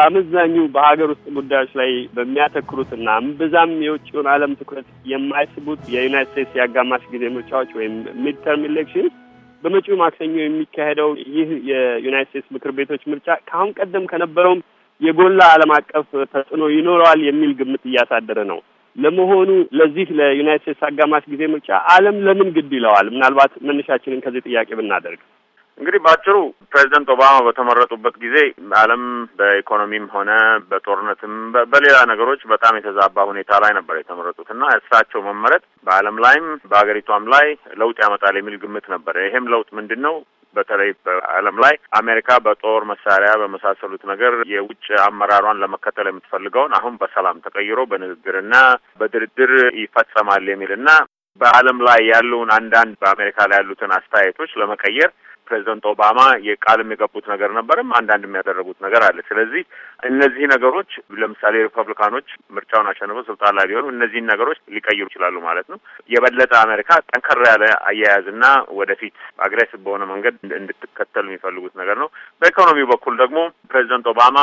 በአመዛኙ በሀገር ውስጥ ጉዳዮች ላይ በሚያተክሩትና ብዛም የውጭውን ዓለም ትኩረት የማይስቡት የዩናይት ስቴትስ የአጋማሽ ጊዜ ምርጫዎች ወይም ሚድተርም ኢሌክሽን በመጪው ማክሰኞ የሚካሄደው ይህ የዩናይት ስቴትስ ምክር ቤቶች ምርጫ ከአሁን ቀደም ከነበረውም የጎላ ዓለም አቀፍ ተጽዕኖ ይኖረዋል የሚል ግምት እያሳደረ ነው። ለመሆኑ ለዚህ ለዩናይት ስቴትስ አጋማሽ ጊዜ ምርጫ ዓለም ለምን ግድ ይለዋል? ምናልባት መነሻችንን ከዚህ ጥያቄ ብናደርግ እንግዲህ በአጭሩ ፕሬዚደንት ኦባማ በተመረጡበት ጊዜ ዓለም በኢኮኖሚም ሆነ በጦርነትም በሌላ ነገሮች በጣም የተዛባ ሁኔታ ላይ ነበር የተመረጡት እና እሳቸው መመረጥ በዓለም ላይም በሀገሪቷም ላይ ለውጥ ያመጣል የሚል ግምት ነበር። ይሄም ለውጥ ምንድን ነው? በተለይ በዓለም ላይ አሜሪካ በጦር መሳሪያ በመሳሰሉት ነገር የውጭ አመራሯን ለመከተል የምትፈልገውን አሁን በሰላም ተቀይሮ በንግግርና በድርድር ይፈጸማል የሚል እና በዓለም ላይ ያለውን አንዳንድ በአሜሪካ ላይ ያሉትን አስተያየቶች ለመቀየር ፕሬዚደንት ኦባማ የቃልም የገቡት ነገር ነበርም አንዳንድ የሚያደረጉት ነገር አለ። ስለዚህ እነዚህ ነገሮች ለምሳሌ ሪፐብሊካኖች ምርጫውን አሸንፈው ስልጣን ላይ ቢሆኑ እነዚህን ነገሮች ሊቀይሩ ይችላሉ ማለት ነው። የበለጠ አሜሪካ ጠንከር ያለ አያያዝና ወደፊት አግሬሲቭ በሆነ መንገድ እንድትከተሉ የሚፈልጉት ነገር ነው። በኢኮኖሚ በኩል ደግሞ ፕሬዚደንት ኦባማ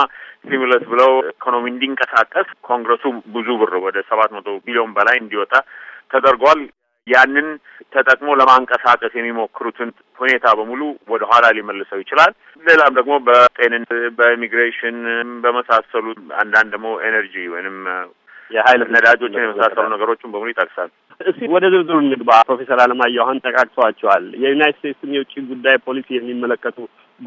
ስቲሙለስ ብለው ኢኮኖሚ እንዲንቀሳቀስ ኮንግረሱ ብዙ ብር ወደ ሰባት መቶ ቢሊዮን በላይ እንዲወጣ ተደርጓል። ያንን ተጠቅሞ ለማንቀሳቀስ የሚሞክሩትን ሁኔታ በሙሉ ወደ ኋላ ሊመልሰው ይችላል። ሌላም ደግሞ በጤንነት፣ በኢሚግሬሽን በመሳሰሉ አንዳንድ ደግሞ ኤነርጂ ወይንም የሀይል ነዳጆችን የመሳሰሉ ነገሮችን በሙሉ ይጠቅሳል። እስቲ ወደ ዝርዝሩ እንግባ። ፕሮፌሰር አለማየሁ አሁን ጠቃቅሰዋቸዋል። የዩናይት ስቴትስን የውጭ ጉዳይ ፖሊሲ የሚመለከቱ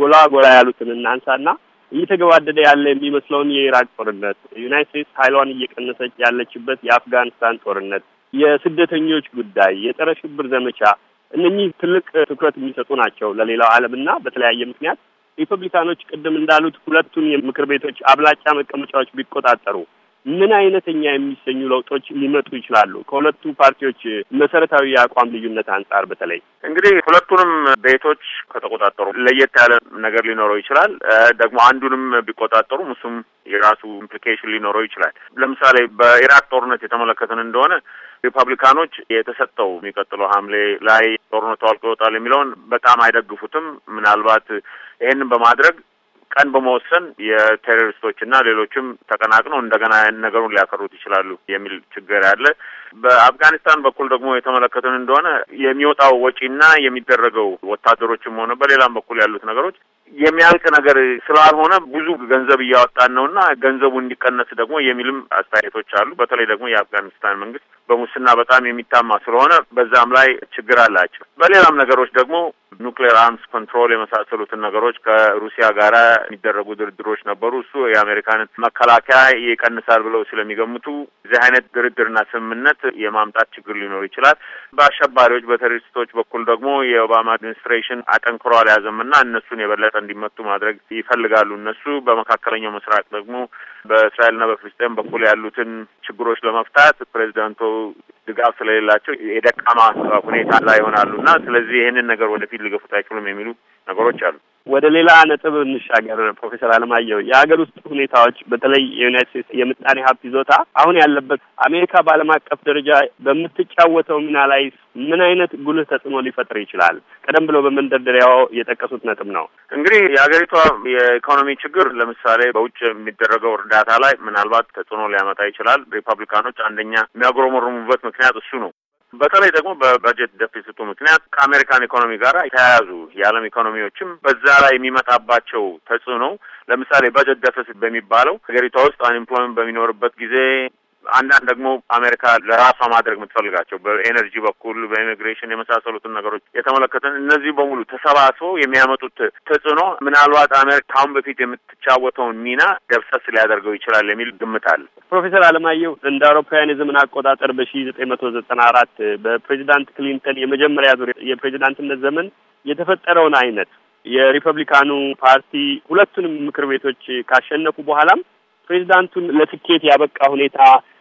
ጎላ ጎላ ያሉትን እናንሳና እየተገባደደ ያለ የሚመስለውን የኢራቅ ጦርነት፣ ዩናይት ስቴትስ ሀይሏን እየቀነሰች ያለችበት የአፍጋኒስታን ጦርነት የስደተኞች ጉዳይ፣ የጸረ ሽብር ዘመቻ እነኚህ ትልቅ ትኩረት የሚሰጡ ናቸው ለሌላው ዓለም እና በተለያየ ምክንያት ሪፐብሊካኖች ቅድም እንዳሉት ሁለቱን የምክር ቤቶች አብላጫ መቀመጫዎች ቢቆጣጠሩ ምን አይነተኛ የሚሰኙ ለውጦች ሊመጡ ይችላሉ? ከሁለቱ ፓርቲዎች መሰረታዊ የአቋም ልዩነት አንጻር በተለይ እንግዲህ ሁለቱንም ቤቶች ከተቆጣጠሩ ለየት ያለ ነገር ሊኖረው ይችላል። ደግሞ አንዱንም ቢቆጣጠሩ እሱም የራሱ ኢምፕሊኬሽን ሊኖረው ይችላል። ለምሳሌ በኢራቅ ጦርነት የተመለከትን እንደሆነ ሪፐብሊካኖች የተሰጠው የሚቀጥለው ሐምሌ ላይ ጦርነቱ አልቆ ይወጣል የሚለውን በጣም አይደግፉትም። ምናልባት ይህንን በማድረግ ቀን በመወሰን እና ሌሎችም ተቀናቅነው እንደገና ነገሩን ሊያከሩት ይችላሉ የሚል ችግር አለ። በአፍጋኒስታን በኩል ደግሞ የተመለከትን እንደሆነ የሚወጣው ወጪና የሚደረገው ወታደሮችም ሆነ በሌላም በኩል ያሉት ነገሮች የሚያልቅ ነገር ስላልሆነ ብዙ ገንዘብ እያወጣን ነው እና ገንዘቡ እንዲቀነስ ደግሞ የሚልም አስተያየቶች አሉ። በተለይ ደግሞ የአፍጋኒስታን መንግስት በሙስና በጣም የሚታማ ስለሆነ በዛም ላይ ችግር አላቸው። በሌላም ነገሮች ደግሞ ኑክሌር አርምስ ኮንትሮል የመሳሰሉትን ነገሮች ከሩሲያ ጋር የሚደረጉ ድርድሮች ነበሩ። እሱ የአሜሪካንን መከላከያ ይቀንሳል ብለው ስለሚገምቱ እዚህ አይነት ድርድርና ስምምነት ግጭት የማምጣት ችግር ሊኖር ይችላል። በአሸባሪዎች በቴሮሪስቶች በኩል ደግሞ የኦባማ አድሚኒስትሬሽን አጠንክሮ አልያዘም እና እነሱን የበለጠ እንዲመቱ ማድረግ ይፈልጋሉ። እነሱ በመካከለኛው ምስራቅ ደግሞ በእስራኤልና በፍልስጤም በኩል ያሉትን ችግሮች ለመፍታት ፕሬዚዳንቱ ድጋፍ ስለሌላቸው የደካማ ሁኔታ ላይ ይሆናሉ እና ስለዚህ ይህንን ነገር ወደፊት ሊገፉት አይችሉም የሚሉ ነገሮች አሉ። ወደ ሌላ ነጥብ እንሻገር። ፕሮፌሰር አለማየሁ የሀገር ውስጥ ሁኔታዎች በተለይ የዩናይት ስቴትስ የምጣኔ ሀብት ይዞታ አሁን ያለበት አሜሪካ በዓለም አቀፍ ደረጃ በምትጫወተው ሚና ላይ ምን አይነት ጉልህ ተጽዕኖ ሊፈጥር ይችላል? ቀደም ብሎ በመንደርደሪያው የጠቀሱት ነጥብ ነው። እንግዲህ የሀገሪቷ የኢኮኖሚ ችግር ለምሳሌ በውጭ የሚደረገው እርዳታ ላይ ምናልባት ተጽዕኖ ሊያመጣ ይችላል። ሪፐብሊካኖች አንደኛ የሚያጉረመርሙበት ምክንያት እሱ ነው። በተለይ ደግሞ በበጀት ደፊሲቱ ምክንያት ከአሜሪካን ኢኮኖሚ ጋር የተያያዙ የዓለም ኢኮኖሚዎችም በዛ ላይ የሚመጣባቸው ተጽዕኖ ለምሳሌ በጀት ደፊሲት በሚባለው ሀገሪቷ ውስጥ አንኤምፕሎይመንት በሚኖርበት ጊዜ አንዳንድ ደግሞ አሜሪካ ለራሷ ማድረግ የምትፈልጋቸው በኤነርጂ በኩል በኢሚግሬሽን የመሳሰሉትን ነገሮች የተመለከተን እነዚህ በሙሉ ተሰባስበው የሚያመጡት ተጽዕኖ ምናልባት አሜሪካ አሁን በፊት የምትጫወተውን ሚና ደብሰስ ሊያደርገው ይችላል የሚል ግምት አለ። ፕሮፌሰር አለማየሁ እንደ አውሮፓውያን የዘመን አቆጣጠር በሺ ዘጠኝ መቶ ዘጠና አራት በፕሬዚዳንት ክሊንተን የመጀመሪያ ዙር የፕሬዚዳንትነት ዘመን የተፈጠረውን አይነት የሪፐብሊካኑ ፓርቲ ሁለቱንም ምክር ቤቶች ካሸነፉ በኋላም ፕሬዚዳንቱን ለትኬት ያበቃ ሁኔታ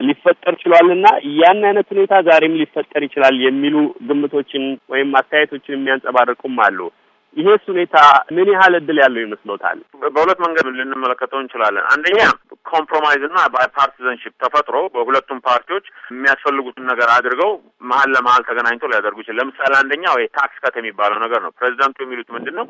ሊፈጠር ችሏልና ያን አይነት ሁኔታ ዛሬም ሊፈጠር ይችላል የሚሉ ግምቶችን ወይም አስተያየቶችን የሚያንጸባርቁም አሉ። ይሄስ ሁኔታ ምን ያህል እድል ያለው ይመስሎታል? በሁለት መንገድ ልንመለከተው እንችላለን። አንደኛ ኮምፕሮማይዝ እና ባይፓርቲዘንሽፕ ተፈጥሮ በሁለቱም ፓርቲዎች የሚያስፈልጉትን ነገር አድርገው መሀል ለመሀል ተገናኝቶ ሊያደርጉ ይችል። ለምሳሌ አንደኛው ታክስ ከት የሚባለው ነገር ነው። ፕሬዚዳንቱ የሚሉት ምንድን ነው?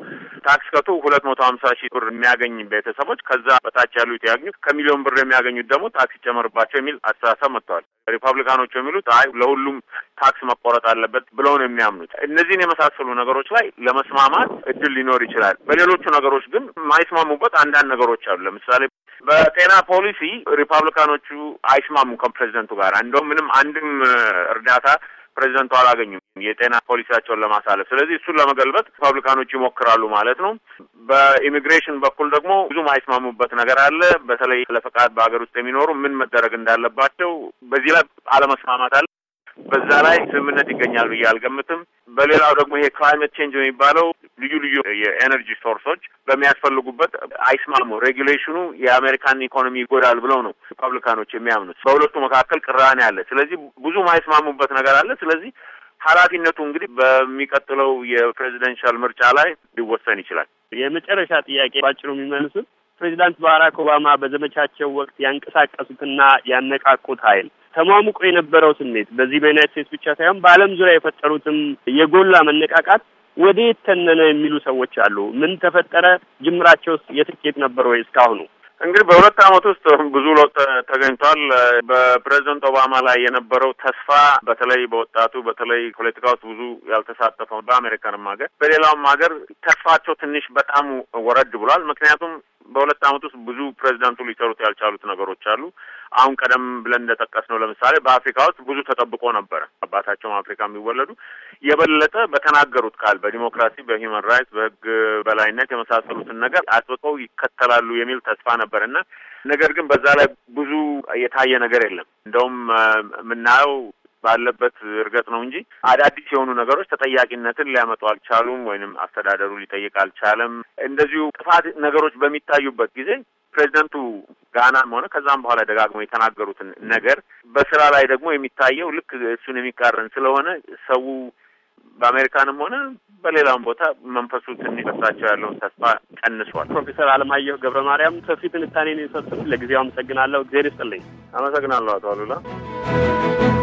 ታክስ ከቱ ሁለት መቶ ሀምሳ ሺህ ብር የሚያገኝ ቤተሰቦች ከዛ በታች ያሉት ያገኙት፣ ከሚሊዮን ብር የሚያገኙት ደግሞ ታክስ ይጨመርባቸው የሚል አስተሳሰብ መጥተዋል። ሪፐብሊካኖቹ የሚሉት አይ ለሁሉም ታክስ መቆረጥ አለበት ብለው ነው የሚያምኑት። እነዚህን የመሳሰሉ ነገሮች ላይ ለመስማማት እድል ሊኖር ይችላል። በሌሎቹ ነገሮች ግን የማይስማሙበት አንዳንድ ነገሮች አሉ። ለምሳሌ በጤና ፖሊሲ ሪፐብሊካኖቹ አይስማሙም ከፕሬዚደንቱ ጋር እንደውም ምንም አንድም እርዳታ ፕሬዚደንቱ አላገኙም የጤና ፖሊሲያቸውን ለማሳለፍ። ስለዚህ እሱን ለመገልበጥ ሪፐብሊካኖች ይሞክራሉ ማለት ነው። በኢሚግሬሽን በኩል ደግሞ ብዙ ማይስማሙበት ነገር አለ። በተለይ ለፈቃድ በሀገር ውስጥ የሚኖሩ ምን መደረግ እንዳለባቸው በዚህ ላይ አለመስማማት አለ። በዛ ላይ ስምምነት ይገኛል ብዬ አልገምትም። በሌላው ደግሞ ይሄ ክላይሜት ቼንጅ የሚባለው ልዩ ልዩ የኤነርጂ ሶርሶች በሚያስፈልጉበት አይስማሙ። ሬጉሌሽኑ የአሜሪካን ኢኮኖሚ ይጎዳል ብለው ነው ሪፐብሊካኖች የሚያምኑት። በሁለቱ መካከል ቅራኔ አለ። ስለዚህ ብዙ አይስማሙበት ነገር አለ። ስለዚህ ኃላፊነቱ እንግዲህ በሚቀጥለው የፕሬዚደንሻል ምርጫ ላይ ሊወሰን ይችላል። የመጨረሻ ጥያቄ ባጭሩ የሚመልሱት ፕሬዚዳንት ባራክ ኦባማ በዘመቻቸው ወቅት ያንቀሳቀሱትና ያነቃቁት ኃይል ተሟሙቆ የነበረው ስሜት በዚህ በዩናይት ስቴትስ ብቻ ሳይሆን በዓለም ዙሪያ የፈጠሩትም የጎላ መነቃቃት የት ተነነ የሚሉ ሰዎች አሉ። ምን ተፈጠረ? ጅምራቸው የትኬት ነበር ወይ? እስካሁኑ እንግዲህ በሁለት ዓመት ውስጥ ብዙ ለውጥ ተገኝቷል። በፕሬዚደንት ኦባማ ላይ የነበረው ተስፋ በተለይ በወጣቱ በተለይ ፖለቲካ ውስጥ ብዙ ያልተሳተፈው በአሜሪካንም ሀገር በሌላውም ሀገር ተስፋቸው ትንሽ በጣም ወረድ ብሏል። ምክንያቱም በሁለት ዓመት ውስጥ ብዙ ፕሬዚዳንቱ ሊሰሩት ያልቻሉት ነገሮች አሉ። አሁን ቀደም ብለን እንደጠቀስ ነው ለምሳሌ በአፍሪካ ውስጥ ብዙ ተጠብቆ ነበረ። አባታቸውም አፍሪካ የሚወለዱ የበለጠ በተናገሩት ቃል በዲሞክራሲ፣ በሂውማን ራይትስ፣ በህግ በላይነት የመሳሰሉትን ነገር አጥብቀው ይከተላሉ የሚል ተስፋ ነበር እና ነገር ግን በዛ ላይ ብዙ የታየ ነገር የለም። እንደውም የምናየው ባለበት እርገጥ ነው እንጂ አዳዲስ የሆኑ ነገሮች ተጠያቂነትን ሊያመጡ አልቻሉም፣ ወይንም አስተዳደሩ ሊጠይቅ አልቻለም። እንደዚሁ ጥፋት ነገሮች በሚታዩበት ጊዜ ፕሬዚደንቱ ጋናም ሆነ ከዛም በኋላ ደጋግመው የተናገሩትን ነገር በስራ ላይ ደግሞ የሚታየው ልክ እሱን የሚቃረን ስለሆነ ሰው በአሜሪካንም ሆነ በሌላውም ቦታ መንፈሱ ትንሽ ያለውን ተስፋ ቀንሷል። ፕሮፌሰር አለማየሁ ገብረ ማርያም ሰፊ ትንታኔን የሰጡት። ለጊዜው አመሰግናለሁ። እግዜር ይስጥልኝ። አመሰግናለሁ አቶ አሉላ።